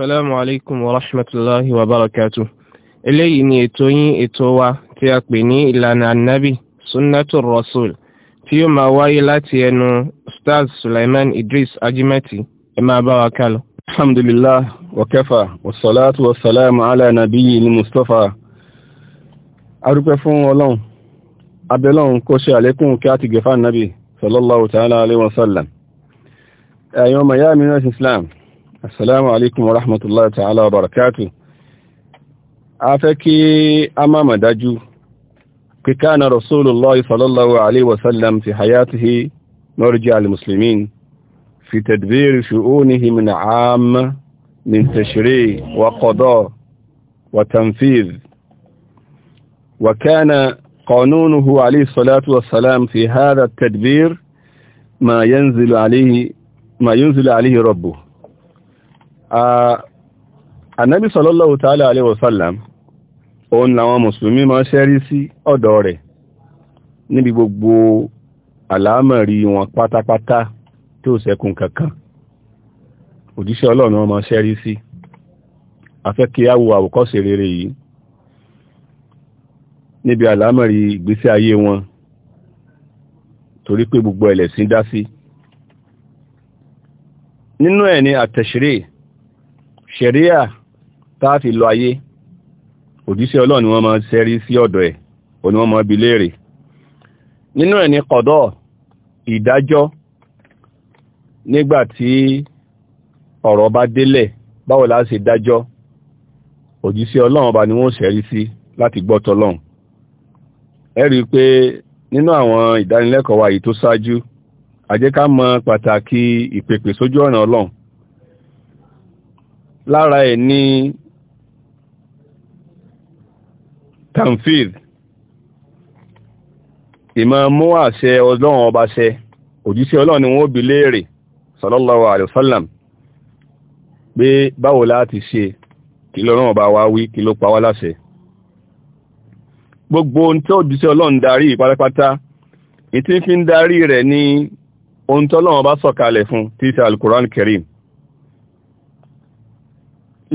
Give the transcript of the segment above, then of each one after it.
Assalamu alaikum wa rahmatullahi wa barakatuh. Eléyìí ni ètò yín ètò wa tí a pè ní ìlànà annabi Sunnatul Rasul tí yóò máa wáyé láti ẹnu Ustaz Sulaiman Idris Ajimati. Ẹ máa bá wa kálọ. Alhamdulillah wa kafa wa salatu wa salamu ala nabiyyi ni Mustapha. A dúpẹ́ fún Ọlọ́run. Abẹ́lọ́run kó ṣe àlékún kí a ti gẹ̀fà nàbì sallallahu ta'ala alaihi wa sallam. Ẹ̀yọ́ Mayami Islam. السلام عليكم ورحمة الله تعالى وبركاته أفكي أمام دجو كان رسول الله صلى الله عليه وسلم في حياته مرجع المسلمين في تدبير شؤونه من عام من تشريع وقضاء وتنفيذ وكان قانونه عليه الصلاة والسلام في هذا التدبير ما ينزل عليه ما ينزل عليه ربه ànábì sallallahu ta'ala alaihi wasallam òun làwọn mùsùlùmí máa ṣẹ́rí sí ọ̀dọ̀ rẹ̀ níbi gbogbo àlámọ̀rí wọn pátápátá tí ó ṣẹ́kùn kankan òjíṣẹ́ ọlọ́run wọn máa ṣẹ́rí sí afẹ́ kí á wo àwòkọ́ṣe rere yìí níbi àlámọ̀rí ìgbésí ayé wọn torí pé gbogbo ẹlẹ́sìn dá sí nínú ẹ̀ ni àtẹ̀ṣeré ṣẹ̀ríà táà fi lọ ayé òjíṣẹ́ ọlọ́run ni wọ́n máa ṣẹ́rí sí ọ̀dọ̀ ẹ̀ òní wọ́n máa bi léèrè nínú ẹ̀ ní kọ̀dọ̀ ìdájọ́ nígbàtí ọ̀rọ̀ bá délẹ̀ báwo la ṣe dájọ́ òjíṣẹ́ ọlọ́run ọba ni wọ́n ṣẹ́rí sí láti gbọ́ tọlọ́run ẹ rí i pé nínú àwọn ìdánilẹ́kọ̀ọ́ wa yìí tó ṣáájú a mọ pàtàkì ìpèpè sójú ọ̀nà ọlọ́run lára ẹ̀ ní tamfid ìmọ̀ mú àṣẹ ọlọ́run ọba ṣẹ òjíṣẹ́ ọlọ́run ni wọ́n bi léèrè sallallahu alaihi wasallam pé báwo láti ṣe kí lọ́rọ̀ ọba wá wí kí ló pa wá láṣẹ gbogbo ohun tí òjíṣẹ́ ọlọ́run darí pátápátá ìtí fi ń darí rẹ̀ ní ohun tí ọlọ́run ọba sọ̀kalẹ̀ fún títà al-Qur'an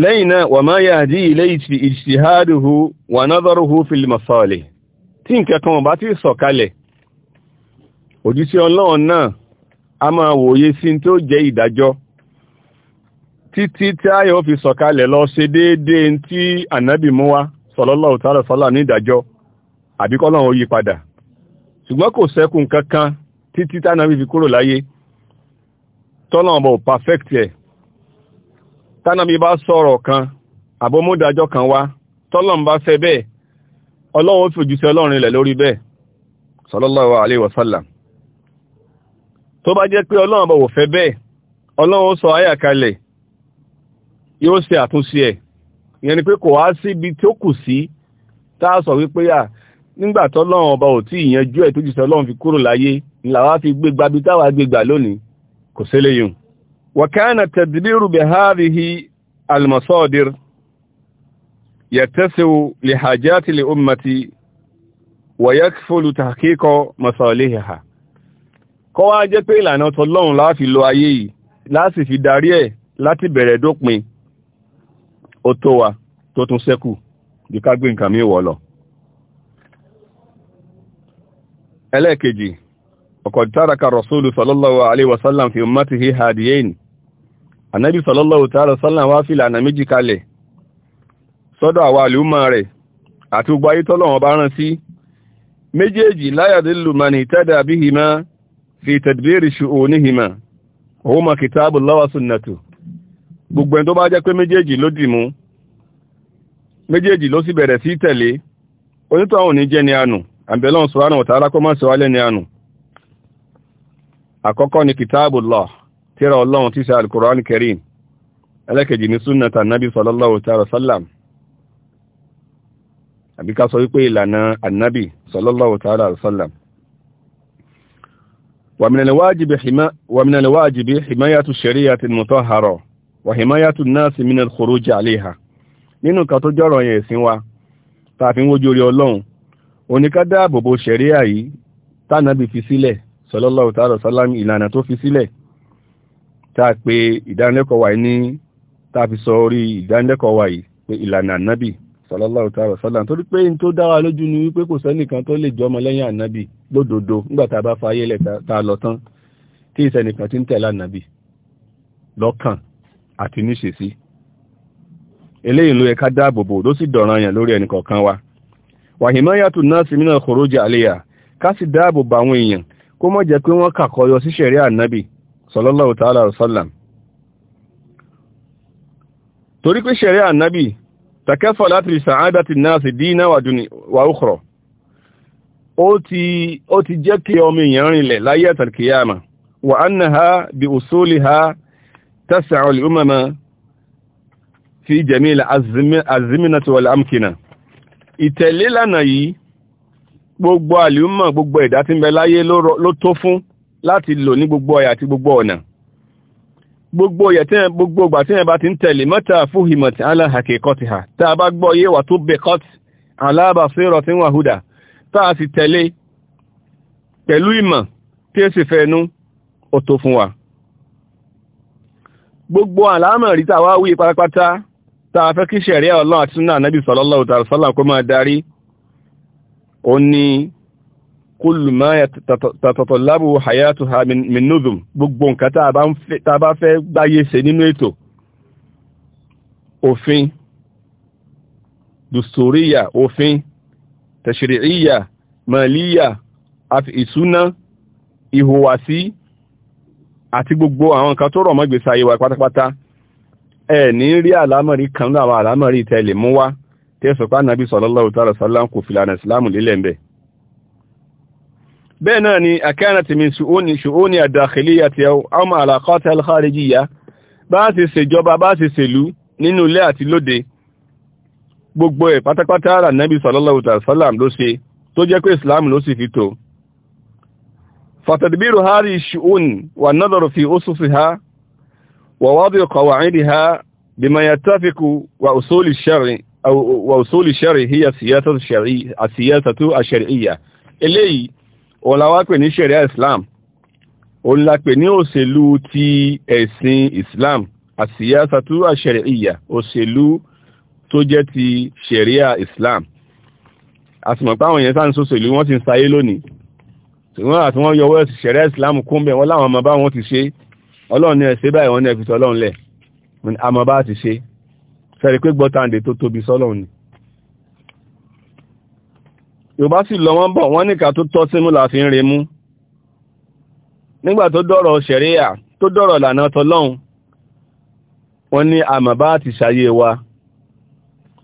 lẹ́yìn náà wà máa yahdi ilayhi ijtihaduhu wa nadharuhu fil masalih tí nǹkan kan bá ti sọ̀kalẹ̀ òjíṣẹ́ ọlọ́run a ma wòye sí tó jẹ́ ìdájọ́ títí tí ayọ̀ fi sọ̀kalẹ̀ lọ ṣe déédéé tí ànábì mú wá sallallahu ta'ala sallam ní ìdájọ́ àbí kankan títí tí ànábì fi kúrò láyé tọ́lọ́run bọ̀ perfect tánàbí bá sọ̀rọ̀ kan àbómúdájọ́ kan wá tọ́lọ́n bá fẹ́ bẹ́ẹ̀ ọlọ́run fi òjúṣẹ́ ọlọ́run ilẹ̀ lórí bẹ́ẹ̀ sallallahu alaihi wasallam tó bá jẹ́ pé ọlọ́run bá wò fẹ́ bẹ́ẹ̀ ọlọ́run sọ àyà kalẹ̀ yóò ṣe àtúnṣe ẹ̀ ìyẹn ni pé kò wá síbi tó kù sí tá a sọ wípé à nígbà tọ́lọ́run ọba ò tí ìyẹnjú ẹ̀ tó jùṣẹ́ ọlọ́run fi kúrò láyé ńlá wá fi gbégbá bí táwa gbégbà lónìí kò séléyùn وكان التدبير بهذه المصادر يتسع لحاجات الأمة ويكفل تحقيق مصالحها kọ́ wá jẹ́ pé ìlànà tọlọ́run la fi lo ayé yìí láti fi darí ẹ̀ láti bẹ̀rẹ̀ dópin ó tó wa tó tún ṣẹ́kù bí ká gbé nǹkan míì wọ̀ lọ ẹlẹ́ẹ̀kejì ọkọ̀ táraka rasulu sallallahu alaihi wasallam fi ummatihi hadiyaini ànábì sallallahu ta'ala sallam wá fìlà ànà méjì kalẹ̀ sọ́dọ̀ àwa àlùmọ̀ rẹ̀ àti gbogbo ayé tọ́lọ́wọ́n bá rán sí méjèèjì láyàdìlù mani tẹ́dà bí hìmá fi tẹ̀dìbìrì ṣùgbò ní hìmá òun ma kìtàbù lọ́wọ́ sunnatu gbogbo ẹni tó bá jẹ́ pé méjèèjì ló dìmú méjèèjì ló sì bẹ̀rẹ̀ sí tẹ̀lé onítọ̀ àkọ́kọ́ ni kìtàbù lọ́wọ́ tíra ọlọ́run tí ṣe alkùránì karim ẹlẹ́kẹ̀jì ní súnnàtà nábi sallallahu ta'ala sallam àbí ká sọ wípé ìlànà annabi sallallahu ta'ala sallam wa min al-wajibi himayatu shari'atin mutahhara wa himayatu an-nasi min al-khuruj 'alayha nínú kan tó jọ́rọ̀ yẹn ẹ̀sìn wa ta fi ń wójú orí ọlọ́run oníká dáàbòbò ṣẹ̀ríà yìí tánàbì fi sílẹ̀ sallallahu ta'ala sallam ìlànà tó fi sílẹ̀ ta pe ìdánilẹ́kọ̀ọ́ wa ní fi sọ orí ìdánilẹ́kọ̀ọ́ wa ilana pé ìlànà ànábì sallallahu ta'ala sallam torí pé n tó dá lójú ni wípé kò sẹ́nìkan tó lè jọmọ lẹ́yìn ànábì lódodo nígbà bá fa lọ tán tí ti ń tẹ̀lé ànábì lọ́kàn àti níṣesí eléyìí ló yẹ ká dáàbòbò lórí wa náà sí àléyà ká sì dáàbòbò àwọn èèyàn kó mọ̀ jẹ́ pé wọ́n kàkọyọ sí sallallahu ta'ala sallam torí pé ṣẹ̀rí ànábì takẹ́fà láti rí sàádàtì náà sí dínà wà ókùrọ̀ ó ti jẹ́ kí ọmọ èèyàn rinlẹ̀ láyé àtàkìyàmà wà annaha bí òsólì ha tásàá olùmọ̀mọ̀ fi jẹ̀mílà aziminati wal amkina ìtẹ̀lélànà yìí gbogbo àlùmọ̀ gbogbo ẹ̀dá tí bẹ láyé ló tó fún láti lò ní gbogbo ọ̀yà àti gbogbo ọ̀nà gbogbo ọ̀yà tí gbogbo ọgbà tí wọ́n bá ti ń tẹ̀lé mọ́ta fúhìmọ̀tì aláhàkẹ́kọ́tìhà tá a bá gbọ́ yé wà tó bẹ̀ kọ́tì aláàbàfẹ́rọ̀ tí wọ́n hùdà tá a sì tẹ̀lé pẹ̀lú ìmọ̀ tí ó sì fẹ́nu ọ̀tọ̀ fún wa gbogbo àlámọ̀ rí tàwa wí pátápátá tá a fẹ́ kí ṣẹ̀rí ọlọ́run àti súnà nábì sallallahu ta'ala sallam kó máa darí ó ní kullu ma tatatallabu hayatuha min nuzum gbogbo nǹkan tá bá fẹ́ gbáyé ṣe nínú ètò òfin dùsòríyà òfin tashri'iyya màlíyà ìsúná ìhùwàsí àti gbogbo àwọn nǹkan tó rọ̀ mọ́ ìgbésí ayé wa pátápátá ẹ ní rí àlámọ̀rí kan náà àwọn àlámọ̀rí tẹ́lẹ̀ mú wá tẹ́sọ̀pá nàbí sallallahu ta'ala sallam kò fìlànà ìsìlámù lélẹ̀ ń bẹ́ẹ̀ náà ni àkẹ́rẹ̀tì mi ṣùgbọ́n àdàkìlíyà ti ọmọ àlàkọ́tẹ̀ alkharijiya bá ti ṣèjọba bá ti ṣèlú nínú ilé àti lóde gbogbo ẹ̀ pátápátá rà nábi sallallahu ta'ala sallam ló ṣe tó jẹ́ pé islam ló sì fi tó fatadbiru hari ṣùgbọ́n wà nadaru fi ususiha wà wadi qawa'idiha bima yattafiqu wà eléyìí òun la wá pè ní ṣẹ̀ríà islam òun la pè ní òṣèlú ti ẹ̀sìn islam àsìyásatú àṣẹ̀ríà òṣèlú tó jẹ́ ti ṣẹ̀ríà islam àtìmọ̀ páwọn èèyàn sáà ń sòṣèlú wọ́n ti ń sayé lónìí ṣùgbọ́n wọ́n yọwọ́ ṣẹ̀ríà islam kún bẹ̀ wọ́n láwọn ọmọ bá wọn ti ṣe ọlọ́run ní ẹ̀ṣẹ́ báyìí wọ́n ní ẹ̀fìtọ́ ọlọ́run lẹ̀ Yorùbá sì lọ wọ́n bọ̀ wọ́n níkà tó tọ́ símú la fi ń re mú nígbà tó dọ̀rọ̀ ṣẹ̀ríyà tó dọ̀rọ̀ lànà tọlọ́hun wọ́n ní àmàbá àti ṣayé wa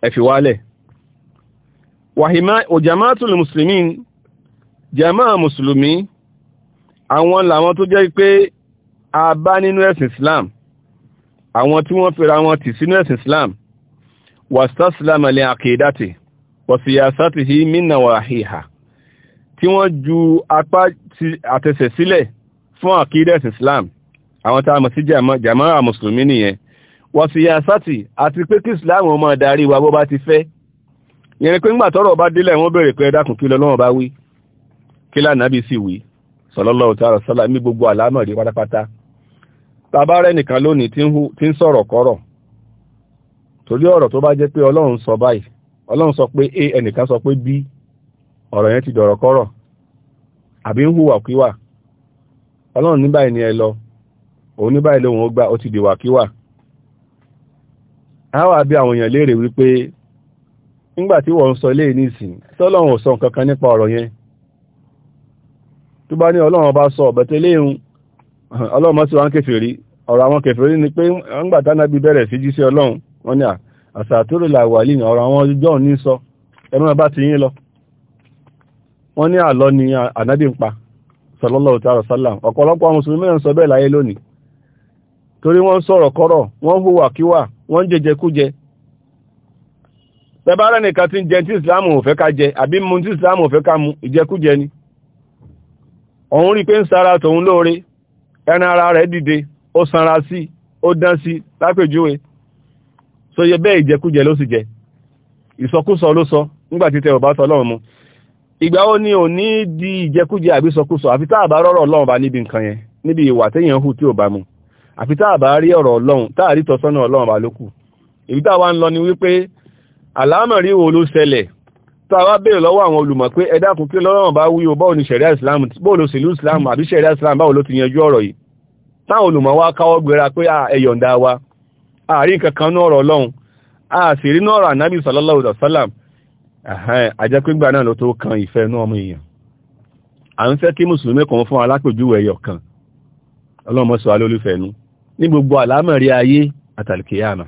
ẹ̀fìwálẹ̀ wàhìmá òjàmátùlù jẹ́ pé a Islam àwọn tí wọ́n fẹ́ra wọn Islam wàstásílámà lè àkèédàtì wọ̀síyàsátìhì mínàwàhíhà tí wọ́n ju apá àtẹsẹ̀ sílẹ̀ fún àkídẹ̀sì Islam àwọn tá a mọ̀ sí jàmáà mùsùlùmí nìyẹn wọ̀síyàsátì àti pé kí Islam ó máa darí wa bó bá ti fẹ́ yẹn pé ńgbà tọ́rọ̀ bá délẹ̀ wọ́n bèèrè pé ẹ̀dákùn kí lọ́wọ́ bá wí kí lánàábì sì wí sallallahu ta'ala sallam ní gbogbo àlámọ̀rí pátápátá tàbá rẹ̀ nìkan lónìí tí ń torí ọ̀rọ̀ tó bá jẹ́ pé Ọlọ́run sọ báyìí ọlọ́run sọ pé a ẹnìkan sọ pé b ọ̀rọ̀ yẹn ti dọ̀rọ̀ kọ́rọ̀ àbí ń hùwà kíwà ọlọ́run ní báyìí ni ẹ lọ òun ní báyìí lóhun ó gbà ó ti dìwà kíwà a wà bí àwọn èèyàn léèrè wípé nígbà tí wọ́n ń sọ ilé nísìn tọ́lọ́run ò sọ nǹkan nípa ọ̀rọ̀ yẹn tó bá ní ọlọ́run bá sọ ọ̀bẹ̀tẹ̀ léhun ọlọ́run mọ́ sí wa ń kèfèrí ọ̀rọ̀ àwọn kèfèrí ni pé nígbà tánábí bẹ̀rẹ̀ sí ọlọ́run wọ́n ní à àsàtúrò làwàlì ní ọ̀rọ̀ àwọn ọjọ́ ní sọ ẹmọ́ bá ti yín lọ wọ́n ní àlọ́ ni ànábì ń pa sallallahu ta'ala sallam ọ̀pọ̀lọpọ̀ mùsùlùmí ń sọ bẹ́ẹ̀ láyé lónìí torí wọ́n sọ̀rọ̀ kọ́rọ̀ wọ́n hùwà kíwà wọ́n jẹjẹ kújẹ tẹbára nìkan tí ń jẹ tí ìsìláàmù mu tí ìsìláàmù ò fẹ́ ká mu ìjẹkújẹ ni òun rí pé ń sara ó sanra sí ó dán sí lápèjúwe so yẹ bẹ́ẹ̀ ìjẹkújẹ ló sì jẹ ìsọkúsọ ló sọ nígbàtí tẹ ọba tọ lọ́run mu ìgbà ó ní ò ní di ìjẹkújẹ àbí sọkúsọ àfi tá àbá rọrọ Ọlọ́run bá níbi nǹkan yẹn níbi ìwà téèyàn hù tí ò bá mu àfi tá àbá rí ọ̀rọ̀ Ọlọ́run tá àrí tọ́sọ́nà Ọlọ́run bá lókù ìbí tá wa ń lọ ni wípé àlámọ̀rí wo ló ṣẹlẹ̀ tá a wá béèrè lọ́wọ́ àwọn olùmọ̀ pé ẹ dákun kí lọ́rọ̀ bá wí o báwo ni ṣẹ̀ríà Islam báwo ló sílú Islam àbí ṣẹ̀ríà Islam báwo ló ti yanjú ọ̀rọ̀ yìí táwọn olùmọ̀ wa káwọ́ gbéra pé ẹ̀yọ̀ǹda wa a kankan náà ọ̀rọ̀ ọlọ́run rí náà anamisa ànábì sallallahu alaihi wasallam náà ló tó kan ìfẹ́ inú ọmọ èèyàn à ń fẹ́ kí mùsùlùmí kan fún alápèjúwe kan ọlọ́mọ ní gbogbo ayé àtàlìkìyàmà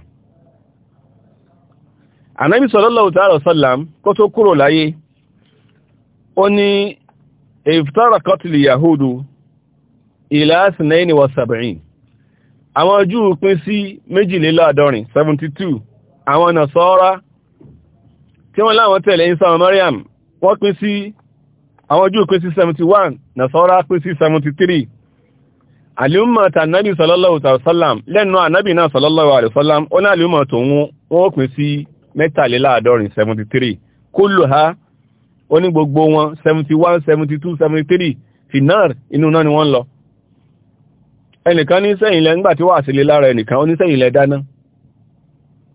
àwọn Júù pín sí méjìléláàdọ́rin 72 àwọn Nasara tí wọ́n láwọn tẹ̀lé Isa ọmọ Maryam wọ́n pín sí àwọn Júù pín sí 71 Nasara pín sí 73 àlúmọ̀ tànàbí sallallahu alaihi wasallam lẹ́nu ànábì náà sallallahu alaihi wasallam ó ní àlúmọ̀ tó wọ́n wọ́n pín sí mẹ́tàléláàdọ́rin 73 kulluha ó ní gbogbo wọn 71 finar inú náà ni ẹnìkan ní sẹ́yìn lẹ nígbà tí wà sílé lára ẹnìkan ó ní sẹ́yìn lẹ dáná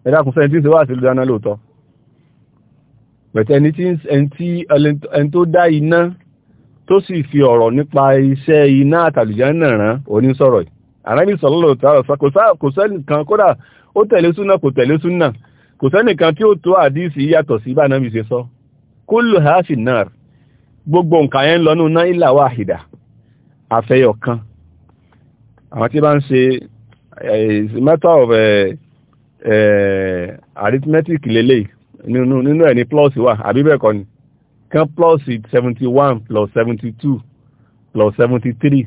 ẹ̀dàkùn sẹ́yìn tí ń ṣe wà sílé dáná lóòótọ́ bẹ̀tẹ̀ ẹni tí ẹni tó dá iná tó sì fi ọ̀rọ̀ nípa iṣẹ́ iná àtàlùjá náà rán onísọ̀rọ̀ àrábì sọ̀lọ́lọ̀ tààrọ̀ sọ kò sẹ́nìkan kódà ó tẹ̀lé súnà kò tẹ̀lé súnà náà gbogbo nǹkan yẹn lọ́nù náà ìlà wahida àfẹyọ̀ kan àwọn tí bá ń ṣe matter of arithmetic lele. nínú nínú ẹ̀ ní plus wà àbí bẹ́ẹ̀ kọ́ ni kan plus seventy one plus seventy two plus seventy three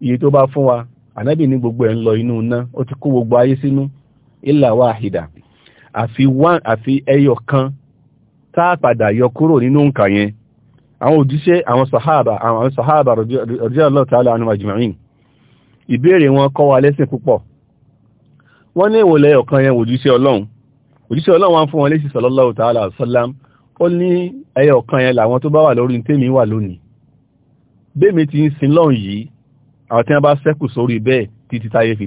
iye tó bá fún wa ànábì ní gbogbo ẹ̀ ń lọ inú iná ó ti kó gbogbo ayé sínú ìlà wàhídà àfi one àfi ẹyọ kan tá a padà yọ kúrò nínú nǹkan yẹn àwọn òjíṣẹ́ àwọn sahaba àwọn sahaba radiyallahu ta'ala anhum ajma'in ìbéèrè wọn kọ́ wa lẹ́sìn púpọ̀ wọ́n ní ìwòlẹ̀ ọ̀kan yẹn òjíṣẹ́ ọlọ́run òjíṣẹ́ ọlọ́run wọn fún wọn lẹ́sìn sallallahu ta'ala sallam ó ní ẹyọ ọ̀kan yẹn làwọn tó bá wà lórí tèmi wà lónìí bẹ́ẹ̀mi ti ń sin lọ́run yìí àwọn tí wọ́n bá ṣẹ́kù sórí bẹ́ẹ̀ títí táyé fi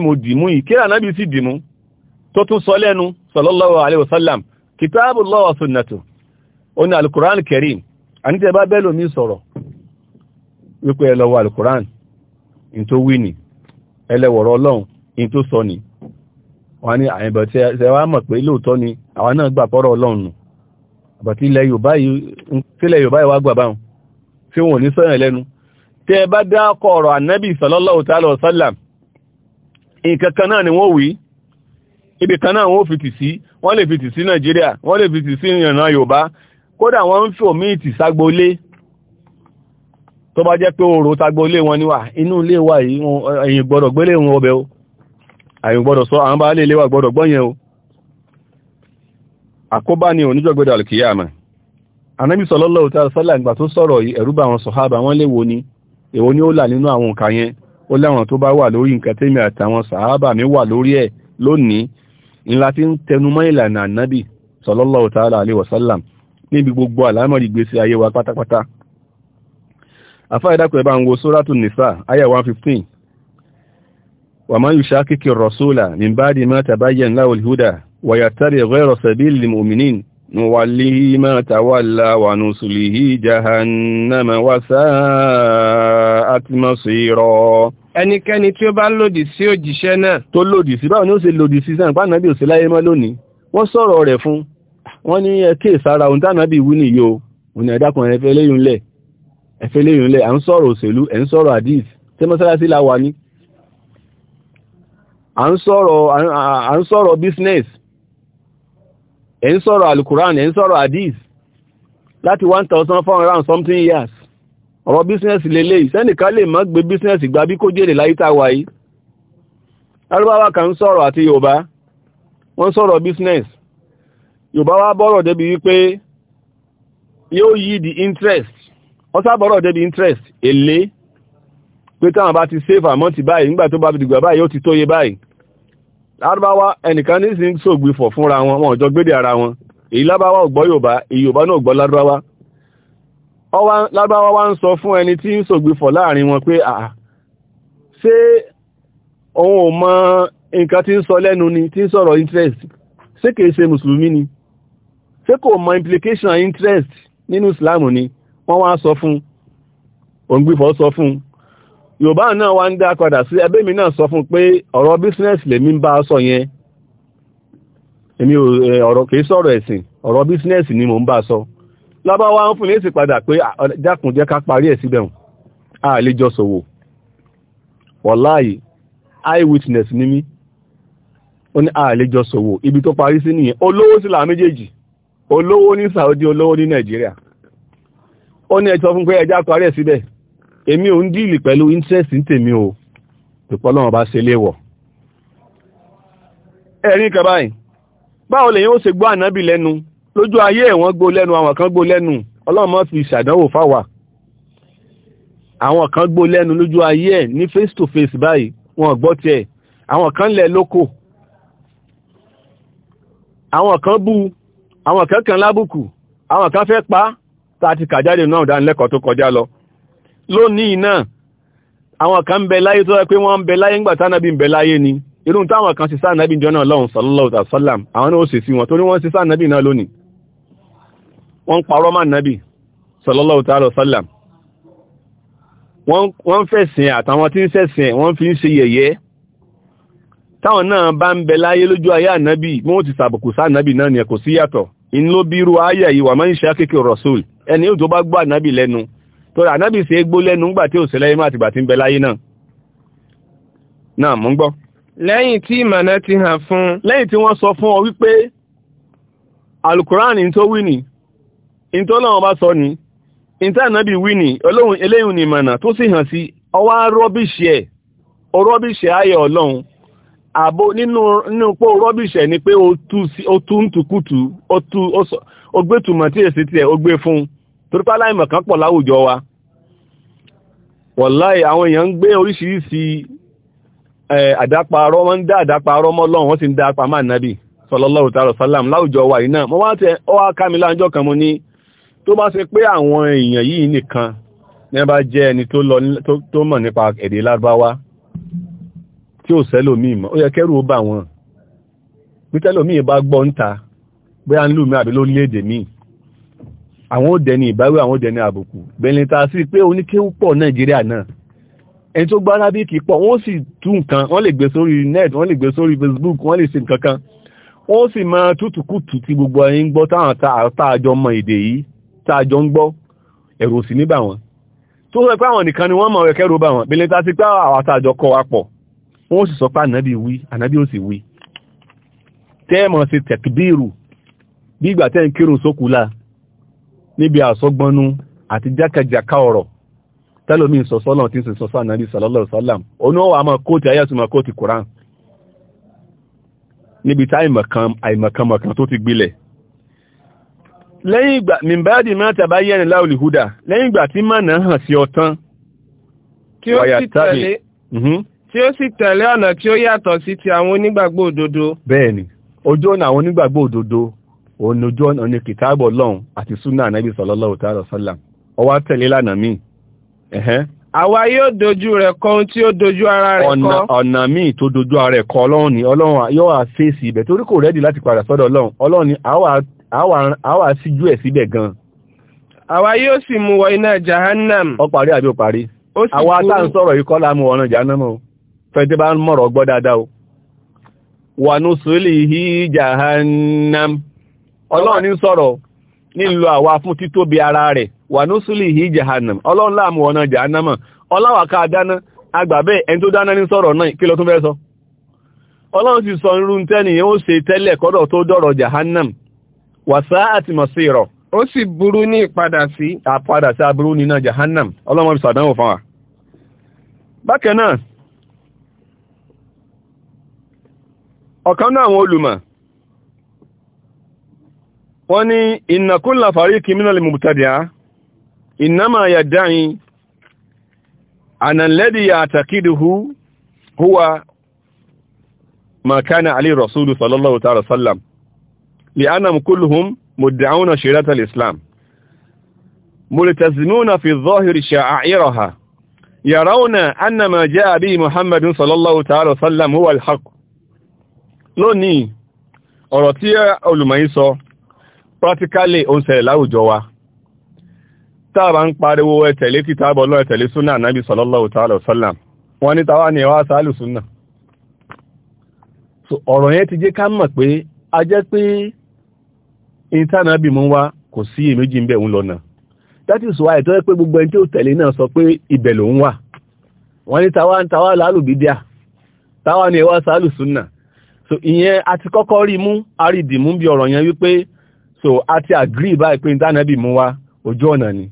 mo dìmú yìí kí ànábì sì dìmú tó tún sọ lẹ́nu sallallahu alaihi Kitabu lọ́wọ́ sunnatu ó ní alukuran kerim a ní tẹ́bá bẹ́lò mi sọ̀rọ̀ wípé ẹlọ́wọ́ alukuran in tó wí ni ẹlẹ́wọ̀rọ̀ ọlọ́run in tó sọ ni wọ́n ní àyẹ̀bọ̀ tẹ́ wá mọ̀ pé lóòótọ́ ni àwọn náà gbà pọ́rọ̀ ọlọ́run sallallahu ta'ala wa sallam nǹkan kan náà ni wọ́n wí ibi kan náà wọ́n fi tì sí wọ́n lè fi sí nàìjíríà wọ́n lè fi sí ìrìnà yorùbá kódà wọ́n ń fò mí ìtì ságbolé tó bá jẹ́ pé oòrò ságbolé wọn níwà inú ilé wa ẹ̀yin gbọ́dọ̀ gbélé wọn ọbẹ̀ o àyìn gbọ́dọ̀ sọ àwọn bá lè léwà gbọ́dọ̀ gbọ́yẹn o àkóbá ni oníjọ́gbẹ́dọ̀ alkiyama anábì sallallahu ta'ala sallam ìgbà tó sọ̀rọ̀ ẹ̀rù bà wọn sọ̀hábà wọn léwo ni èwo ni ó là nínú àwọn lónìí ńlá tí ń tẹnumọ́ ìlànà ànábì sallallahu ta'ala alaihi wasallam níbi gbogbo àlámọ̀rí ìgbésí ayé wa pátápátá afá ìdákọ̀ ẹ̀bá ń wo sóràtù nìsà ayà 115 wa man yushakiki rasula min ba'di ma tabayyana lahul huda wa yattabi ghayra sabilil mu'minin nuwallihi ma tawalla wa nusulihi ẹnikẹ́ni tí ó bá lòdì sí òjíṣẹ́ náà tó lòdì sí báwọn ni ó ṣe lòdì sí sáà pàtàkì òsì láyé mọ́ lónìí wọ́n sọ̀rọ̀ rẹ̀ fún wọ́n ní ẹkẹ́ ìsára ohun tánàbí wí nìyí o òní ẹ̀dákùnrin ẹ̀fẹ́ léyìn lẹ̀ ẹ̀fẹ́ léyìn lẹ̀ à ń sọ̀rọ̀ òṣèlú ẹ̀ ń sọ̀rọ̀ àdìs tí ní à ń business ẹ̀ one thousand four hundred something years ọ̀rọ̀ bísínẹ́sì lélẹ́yìí sẹ́nìkan lè má gbé bísínẹ́sì gbà bí kó jèrè láyé tá wà yìí arúbáwá kan ń sọ̀rọ̀ àti yorùbá wọ́n sọ̀rọ̀ bísínẹ́sì yorùbá wá bọ́rọ̀ débi wípé yóò yí di interest wọ́n sábọ̀rọ̀ débi interest èlé pé táwọn bá ti save amount báyìí nígbà tó bá fi dìgbà báyìí ó ti tóye báyìí lárúbáwá ẹnìkan ní sí ń sògbìfọ̀ fúnra wọn wọn ò jọ gbédè ara wọn èyí lárúbáwá ò gbọ́ yorùbá èyí yorùbá náà ò lárúbáwá lágbàwá wá ń sọ fún ẹni tí ń sògbìfọ̀ láàrin wọn pé àà ṣé òun ò mọ nǹkan tí ń sọ lẹ́nu ni tí ń sọ̀rọ̀ interest ṣé kìí ṣe mùsùlùmí ni ṣé kò mọ implication interest nínú Islam ni wọ́n wá sọ fún òǹgbìfọ̀ sọ fún Yorùbá náà wá ń dá padà sí ẹbí mi náà sọ fún pé ọ̀rọ̀ business lèmi ń bá sọ yẹn èmi ọ̀rọ̀ kìí sọ̀rọ̀ ẹ̀sìn ọ̀rọ̀ business ni mò ń bá sọ so lọ́bá wá ń fún lésì padà pé dákùn jẹ́ ká parí ẹ̀ síbẹ̀ à lè jọ sọ̀wọ̀ wọ̀láyì eyewitness ní mí ó ní à lè jọ sọ̀wọ̀ ibi tó parí sí nìyẹn olówó sílà méjèèjì olówó ní Saudi olówó ní Nàìjíríà ó ní ẹjọ́ fún pé ẹjá parí ẹ̀ síbẹ̀ èmi ò ń díìlì pẹ̀lú interest ní tèmi o ìpọ́lọ́wọ́n bá ṣe léwọ̀ ẹ̀rín kẹbáyìí báwo lèyìn ó ṣe gbọ́ ànábì lẹ́nu lójú ayé ẹ̀wọ̀n gbó lẹ́nu àwọn kan gbó lẹ́nu ọlọ́run má fi ṣàdánwò fáwa àwọn kan gbó lẹ́nu lójú ayé ẹ̀ ní face to face báyìí wọn gbọ́ tiẹ̀ àwọn kan lẹ̀ lóko àwọn kan bú àwọn kan kan lábùkù àwọn kan fẹ́ pa tàti kàjáde náà dánilẹ́kọ̀ọ́ tó kọjá lọ lónìí náà àwọn kan bẹ láyé tó pé wọ́n ń bẹ láyé ńgbà tánàbí ń bẹ láyé ni irú táwọn kan sì sáà nábì jọ náà lọ́hùn sallallahu alaihi wasallam àwọn náà ó sì sí wọn torí wọ́n sì sáà nábì náà lónìí wọ́n parọ́ máa nábì sallallahu ta'ala sallam wọ́n fẹ̀sìn àtàwọn tí ń ṣẹ̀sìn wọ́n fi ń ṣe yẹ̀yẹ́ táwọn náà bá ń bẹ láyé lójú ayé ànábì bí ti sàbùkù sá ànábì náà ni kò sí yàtọ̀ in ló bírú ayé yìí wà máa ń ṣe akéèké rọ̀sùl ẹni yóò tó bá gbọ́ ànábì lẹ́nu tó rà ànábì sí egbó lẹ́nu ńgbà tí ò sí lẹ́yìn àtìgbà tí ń bẹ ìntọ́lọ́wọ́n bá sọ ní ìntànàbí wí ní ọlọ́run eléyìn ní ìmọ̀nà tó sì hàn sí ọwá rọ́bìṣì ẹ̀ o rọ́bìṣì ọlọ́run nínú ni pé o tú ń tukútu gbé tùmọ̀ tí fún torípá láìmọ̀ kan pọ̀ láwùjọ wa wọ̀láì àwọn èèyàn ń gbé oríṣiríṣi tó bá ṣe pé àwọn èèyàn yìí nìkan ní bá jẹ́ ẹni tó mọ̀ nípa èdè lárúbáwá tí ò sẹ́lòmí mọ̀ ó yẹ kẹ́rù ó bà wọ́n bí tẹ́lòmí bá gbọ́ ń ta bóyá ń lù mí àbí lórílẹ̀-èdè míì àwọn ó dẹni ìbáwí àwọn ó dẹni àbùkù bẹ̀lẹ̀ ta sí pé oníkéwú pọ̀ nàìjíríà náà ẹni tó gbọ́ arábíkì pọ̀ wọ́n sì tú nǹkan wọ́n lè gbé sórí net wọ́n lè gbé sórí facebook wọ́n lè ṣe nǹkan kan wọ́n sì máa tútùkùtù tí gbogbo ẹ̀yin gbọ́ táwọn àtàjọ mọ èdè yìí tààjọ ń gbọ́ ẹ̀rù sì níbà wọn tó sọ pé àwọn nìkan ni wọ́n mọ̀ ẹ̀kẹ́ ro bá wọn bílẹ̀ tá ti pé àwọn àtàjọ kọ wa pọ̀ wọ́n sì sọ pé ànábì wí ànábì ó sì wí tẹ́ẹ̀mọ̀ sí tẹ̀kbíìrù bí ìgbà tẹ́ ń kírun sókùlà níbi àsọgbọnú àti jákàjàká ọ̀rọ̀ tẹ́lómi sọ sọ́lọ̀ tí ń sọ sọ́sọ́ ànábì sallallahu alaihi wasallam onú ọwọ́ àmọ́ kóòtù ayẹ́sùmọ̀ kóòtù kùrán níbi tá àìmọ̀kan àìmọ̀kan mọ̀kan lẹ́yìn ìgbà mìbáàdì máa tàbá yẹ́ ni láòlì húdà lẹ́yìn ìgbà tí mànà hàn sí ọ̀tán mhm. tí ó sì tẹ̀lé ọ̀nà tí ó yàtọ̀ sí ti àwọn onígbàgbọ́ òdodo bẹ́ẹ̀ni ojú ọ̀nà àwọn onígbàgbọ́ òdodo òun ojú ọ̀nà ní kìtàbọ̀ lọ́hùn àti súnà ànábì sallallahu ta'ala sallam ó wá tẹ̀lé lànà míì àwa yóò dojú rẹ̀ kọ ohun tí ni ọlọ́run yóò wá fèsì ibẹ̀ torí kò rẹ́dì láti ni àwa àwa síjú ẹ̀ síbẹ̀ gan àwa yóò sì mú wọ iná jahannam ó parí àbí ó parí àwa tá sọ̀rọ̀ yìí kọ́ jahannam o fẹ́tẹ́ bá ń mọ̀rọ̀ gbọ́ o wà ní sólì hí jahannam ọlọ́run ní sọ̀rọ̀ nílò àwa fún títóbi ara rẹ̀ wà ní sólì hí jahannam ọlọ́run láàmú jahannam wàsá àti masira ó sì burú ní ìpadà sí a sí aburú na jahannam ọlọ́mọ bí sàdánwò fún wa bákan náà ọ̀kan náà àwọn olùmọ̀ wọ́n ní ìnàkúnlà fàrí kìmínàlì mùtàdíà ìnámà yàdáyìn ànàlẹ́dì àtàkìdìhú huwa makana alì rasúlù sallallahu ta'ala sallam لأنهم كلهم مدعون شريعة الإسلام ملتزمون في الظاهر شعائرها يرون أن ما جاء به محمد صلى الله تعالى وسلم هو الحق lónìí ọ̀rọ̀ tí olùmọ̀yí sọ practically ó ń ṣẹlẹ̀ láwùjọ wa tàbà ń pariwo ẹ̀tẹ̀lé kìtàbọ̀ lọ ẹ̀tẹ̀lé súnà náàbí sallallahu ta'ala wasallam wọ́n ní tàwà ní ẹwà sáàlù súnà ọ̀rọ̀ yẹn ti jẹ́ ká mọ̀ pé a jẹ́ pé ìtànà bí mú wá kò sí èméjì bẹ̀ ń lọ́nà that is why pé gbogbo ẹni tí ó tẹ̀lé náà sọ pé ibẹ̀ ló ń wà wọ́n ní tàwa tàwa lálù bídíà tàwa ni ẹwà sálù súnà so ìyẹn àti kọ́kọ́ rí mú àrídì mú bí ọ̀rọ̀ yẹn wípé so àti àgírí báyìí pé ìtànà bí ojú ọ̀nà ni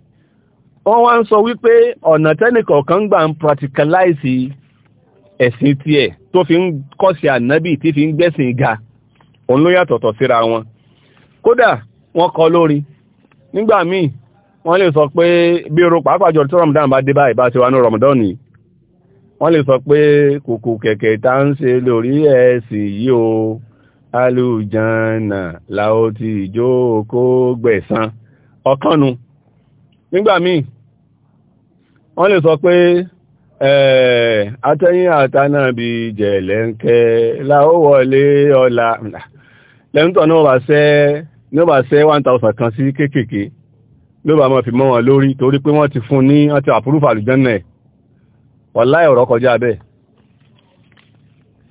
wọ́n wá ń sọ wípé ọ̀nà tẹ́nìkọ̀ọ̀kan gbà ń practicalize ẹ̀sìn tiẹ̀ tó fi kódà wọ́n kọ lórin nígbà míì wọ́n lè sọ pé bí oru pàápàá jọ tí ramadan bá dé báyìí bá ti wà ní ramadan ni wọ́n lè sọ pé kùkù kẹ̀kẹ́ tá ń ṣe lórí ẹ̀sìn yìí o alùjánà láò ti jókòó gbẹ̀san ọ̀kánu nígbà míì wọ́n lè sọ pé atẹ́yìn àtànà bí jẹ̀lẹ́ńkẹ́ láò wọlé ọ̀la lẹ́ńtọ̀ náà wà sẹ́ẹ́ ní ó bá sẹ́ 1000 kan sí kéékèèké ló bá mọ́ fi mọ́ wọn lórí torí pé wọ́n ti fún ní wọ́n ti àpúrúfà àlùjànnà ẹ̀ wàláhì ọ̀rọ̀ kọjá bẹ́ẹ̀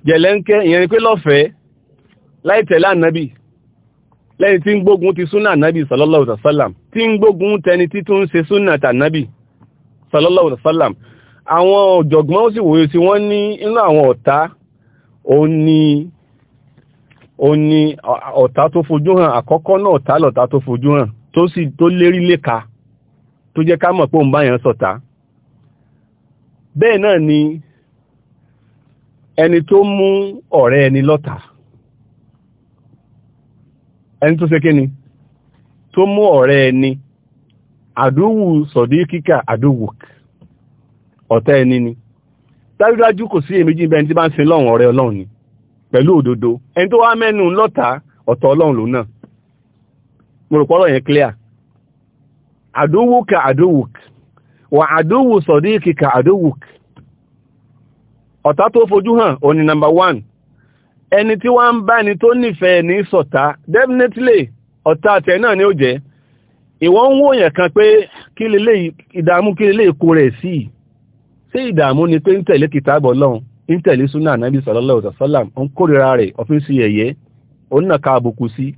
jẹ̀lẹ́ńkẹ́ ìyẹn ni pé lọ́fẹ̀ẹ́ láì tẹ̀lé ànábì lẹ́ni tí ń gbógun ti súnà ànábì sallallahu alaihi wasallam ó ní ọ̀tá tó fojú hàn àkọ́kọ́ náà ọ̀tá lọ̀tá tó fojú hàn tó sì tó lérí léka tó jẹ́ ká mọ̀ pé òun báyàn sọ̀tá bẹ́ẹ̀ náà ni ẹni tó mú ọ̀rẹ́ ẹni lọ́tá ẹni tó ṣe ni tó mú ọ̀rẹ́ ẹni àdúwù sọ̀dí kíkà àdúwù ọ̀tá ẹni ni dájúdájú kò sí èméjì bẹ́ẹ̀ ti bá ń sin lọ́run ọ̀rẹ́ Ọlọ́run ni pẹ̀lú òdodo ẹni tó wá mẹ́nu lọ́ta ọ̀tọ̀ ọlọ́run lòun náà mo rò pọ́lọ̀ yẹn clear àdówó ka àdówòk wà àdówò sọ̀díkì ka àdówòk ọ̀tá tó fojú hàn òní number one ẹni tí wọ́n ń bá ẹni tó nífẹ̀ẹ́ ní sọ̀tá definitely ọ̀tá àtẹ̀ náà ni ó jẹ́ ìwọ́n ń wòyàn kan pé kí lélẹ́yìí ìdààmú kí lélẹ́yìí kó rẹ̀ sí ṣé ìdààmú ni pé ń tẹ̀lé kìtàbọ̀ lọ́hùn ń tẹ̀lé súnà ànábì sallallahu alaihi wasallam ń kórìíra rẹ̀ ọ̀fin sí ẹ̀yẹ́ òun náà ka àbùkù sí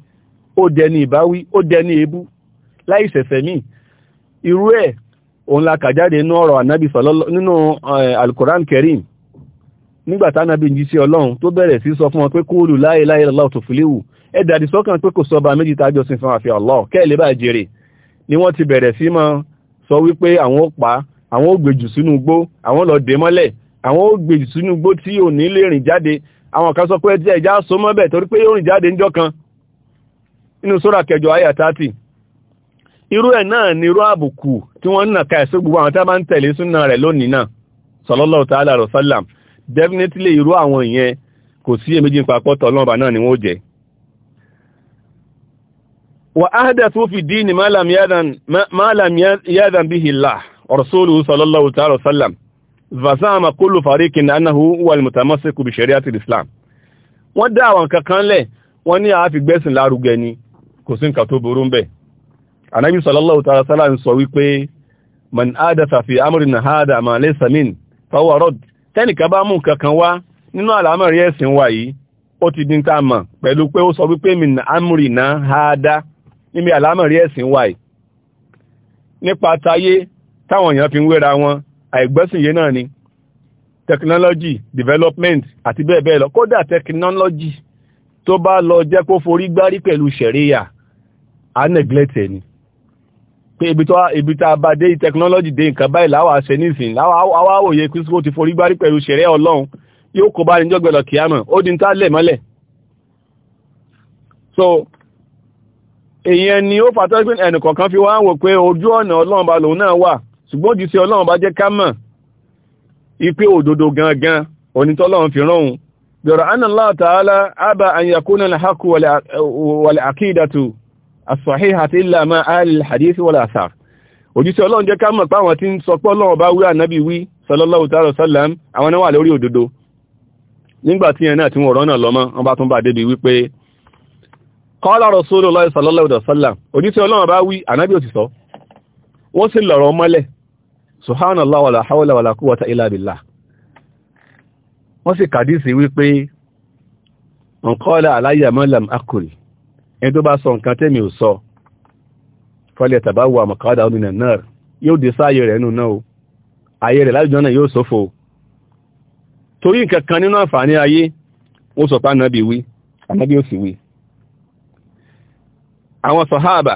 ó dẹni ìbáwí ó dẹni ebú láì ṣẹ̀ṣẹ̀ míì irú ẹ̀ òun la kà jáde ọ̀rọ̀ ànábì sallallahu nínú eh, alukoran kerim nígbàtá ànábì jí sí ọlọ́run tó bẹ̀rẹ̀ sí sọ fún wọn pé kúrò láyé láyé lọ́wọ́ tó fìléwù ẹ dàdí Allah kẹ́ẹ̀lẹ́ bá jèrè ni wọ́n ti bẹ̀rẹ̀ sí mọ́ sọ wípé àwọn ó pa àwọn ó gbèjì sínú igbó tí ò ní lè rìn jáde àwọn kan sọ pé ẹjẹ́ so mọ́bẹ̀ torí pé yóò rìn jáde níjọ́ kan nínú sóra kẹjọ àyà tààtì irú ẹ̀ náà ni irú àbùkù tí wọ́n nà ká ẹ̀sùn gbogbo àwọn tá ń tẹ̀lé súnà rẹ̀ lónìí náà sallallahu ta'ala alaihi definitely irú àwọn wa fi bihi vazama kullu fariqin annahu huwa al-mutamassiku bi shari'ati al-islam wọ́n dá àwọn kankan lẹ̀ wọ́n ní àáfi gbẹ́sìn lárugẹ ni kò sí nǹkan tó burú ń bẹ̀ sallallahu ta'ala sallam sọ wípé man adatha fi amrina hadha ma laysa min fahuwa radd ka ba mu kankan wa. nínú àlámọ̀rí ẹ̀sìn wa yi. o ti dín tá mọ̀ pẹ̀lú pé ó sọ wípé min amrina hadha níbi àlámọ̀rí ẹ̀sìn wa yìí nípa tayé táwọn èèyàn fi ń wéra àìgbẹ́sìnyé náà ni technology development àti bẹ́ẹ̀ bẹ́ẹ̀ lọ kódà technology tó bá lọ jẹ́ kó forí gbárí pẹ̀lú ṣẹ̀ríyà á neglect ẹ̀ pé ibi tá a bá dé technology dé nǹkan báyìí láwà ṣe nísìn láwà òye kristo ti forí gbárí pẹ̀lú ṣẹ̀ríyà ọlọ́run yóò kó bá ní jọ́gbẹ̀lọ̀ kìámọ̀ ó di ń tálẹ̀ mọ́lẹ̀ so èèyàn ni ó fàtọ́ pé ẹnìkọ̀ọ̀kan fi wá ń wò pé ojú ọ̀nà ọlọ́run ba lòun náà wà ṣùgbọ́n òjíṣẹ́ ọlọ́run bá jẹ́ ká mọ̀ ipé òdodo gangan onítọ́lọ́run fi rán òun bẹ̀rọ̀ annallahu ta'ala aba an yakuna al-haqqu wal aqidatu as-sahihatu illa ma ahli al-hadith wal athar òjíṣẹ́ ọlọ́run jẹ́ ká mọ̀ pé àwọn tí ń sọ pé ọlọ́run bá wí ànábì wí sallallahu ta'ala sallam àwọn náà wà lórí òdodo nígbà tí ẹ̀nà tí wọ́n rọ́nà lọ́mọ́ wọn bá tún bá débi wípé qala sallallahu ta'ala sallam òjíṣẹ́ ọlọ́run bá wí ànábì ò wọ́n sì lọ̀rọ̀ mọ́lẹ̀ subhanallah wala hawla wala quwwata illa billah wọ́n sì kàdísì wípé ọ̀nkọ́lá aláyà mọ́làm akùl ẹni tó bá sọ nǹkan tẹ́mi ò sọ fọ́lẹ̀ tàbáwà mọ̀kádà onínà náà yóò dé sáyé rẹ̀ nù náà ayé rẹ̀ lájọ́ náà yóò sófò torí nǹkan kan nínú àǹfààní ayé ó sọ pé ànábì wí ànábì ó sì wí àwọn sàhábà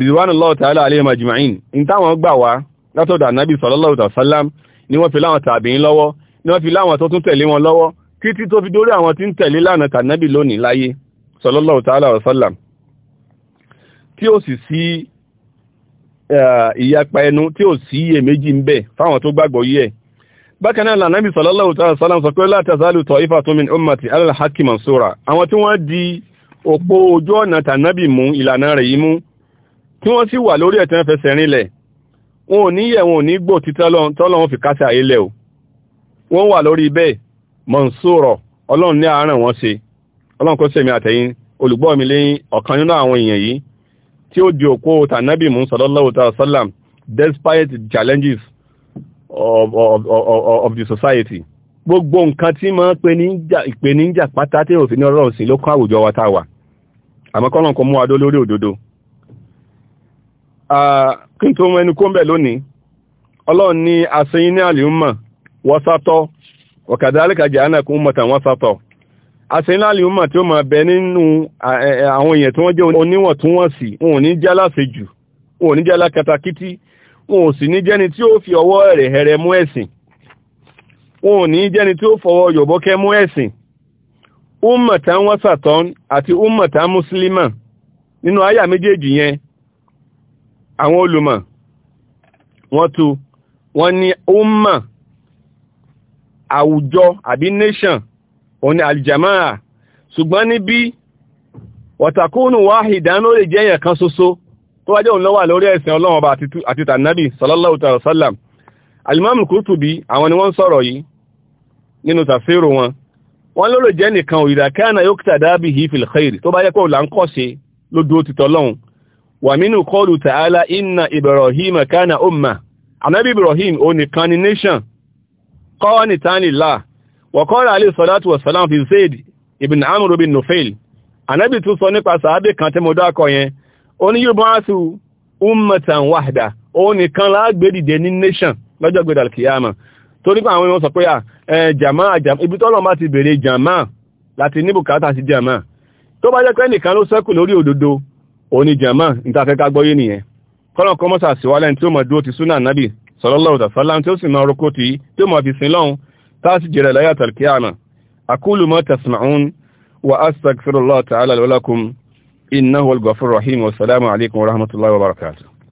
ridwanullahi ta'ala alayhim ajma'in ní táwọn gbà wá látọ̀dọ̀ ànábì sallallahu alaihi wasallam ni wọ́n fi láwọn tàbíìn lọ́wọ́ ni wọ́n fi láwọn tó tún tẹ̀lé wọn lọ́wọ́ kí tí tó fi dórí àwọn tí ń tẹ̀lé lánà tànábì lónìí láyé sallallahu ta'ala alaihi wasallam tí ó sì sí ìyapa ẹnu tí ó sí iye méjì ń bẹ fáwọn tó gbàgbọ́ yẹ bákan náà lànàbì sallallahu ta'ala alaihi wasallam sọ pé la tazalu ta'ifatun min ummati ala al-haqqi mansura wọn ò ní yẹ̀ wọn ò ní gbò tí tọ́lọ́run fi kásẹ̀ ayé lẹ̀ o wọ́n wà lórí bẹ́ẹ̀ mọ̀nsúrọ̀ ọlọ́run ní àárẹ̀ wọn ṣe ọlọ́run kó sẹ̀mí àtẹ̀yìn olùgbọ́ mi lẹ́yìn ọ̀kan nínú àwọn èèyàn yìí tí ó di òpó tànábì mú sallallahu ta'ala sallam despite the challenges of, of, of, of the society gbogbo nǹkan tí máa ìpèníjà pátá tí òfin ọlọ́run sí ló kọ́ àwùjọ wa tá a àmọ́ kọ́lọ́n kí n tó ẹnu kó ń bẹ̀ lónìí ọlọ́run ní asẹ́yìn ní àlìúmọ̀ wọ́sátọ́ ọ̀kàdálẹ́kà jàánàkú mọ̀tàn wọ́sátọ̀ asẹ́yìn láàlìúmọ̀ tí ó máa bẹ nínú àwọn èèyàn tí wọ́n jẹ́ oníwọ̀ntúnwọ̀nsì wọn ò fi ọwọ́ rẹ̀ hẹrẹ mú ẹ̀sìn wọn ò ní jẹ́ni tí ó fọwọ́ yọ̀bọ́kẹ́ mú ẹ̀sìn àti muslima nínú àwọn olùmọ̀ wọ́n tú wọ́n ní umma àwùjọ àbí nation òun ni aljamaa ṣùgbọ́n níbí wọ̀tàkùnù wáhìdán ló lè jẹ́ èèyàn kan ṣoṣo tó wájẹ́ òun lọ́wà lórí ẹ̀sìn ọlọ́run àti tànàbì sallallahu ta'ala sallam alimami Qurtubi àwọn ni wọ́n sọ̀rọ̀ yìí nínú tafsiru wọn wọ́n lórò jẹ́ nìkan òyìnbá kánà yóò kìtà dábì hìfìl khair tó bá wà mínú kọlù tààlà inna ibrahim kana umma anábí ibrahim ó ní kan ní nation kọ́ ní tánilá wọ̀kọ́lá alẹ́ sọ́látù wọ̀sọ́lá fi zaid ibn amr bin nufail anábí tún sọ nípa sàábẹ̀ kan tí mo dákọ yẹn ó ní yóò bọ́n sí ummatan wahda ó ní kan lágbèdìde ní nation lọ́jọ́ gbẹ̀dà kìyàmà torí pé àwọn èèyàn sọ pé ah, à jàmá ibi tọ́lọ̀ bá ti bèèrè jàmá láti ní sí jàmá tó bá jẹ́ pé ẹnìkan ló ṣẹ́kù lórí òdodo òní jẹ̀mọ́ ìtafẹ́ká gbọ́yé nìyẹn kọ́lọ̀ kọ́ mọ́sà síwálẹ̀ tí ó mọ̀ dúró ti súnà nábì sallallahu alaihi wasallam tí ó sì mọ̀ orúkọ tí tí ó mọ̀ fi sin lọ́hun tá sì jẹ́rẹ̀ láyà tàlkíyàmà aqulu ma tasma'un wa astaghfirullah ta'ala wa lakum innahu al rahim wa salamu alaykum wa rahmatullahi wa barakatuh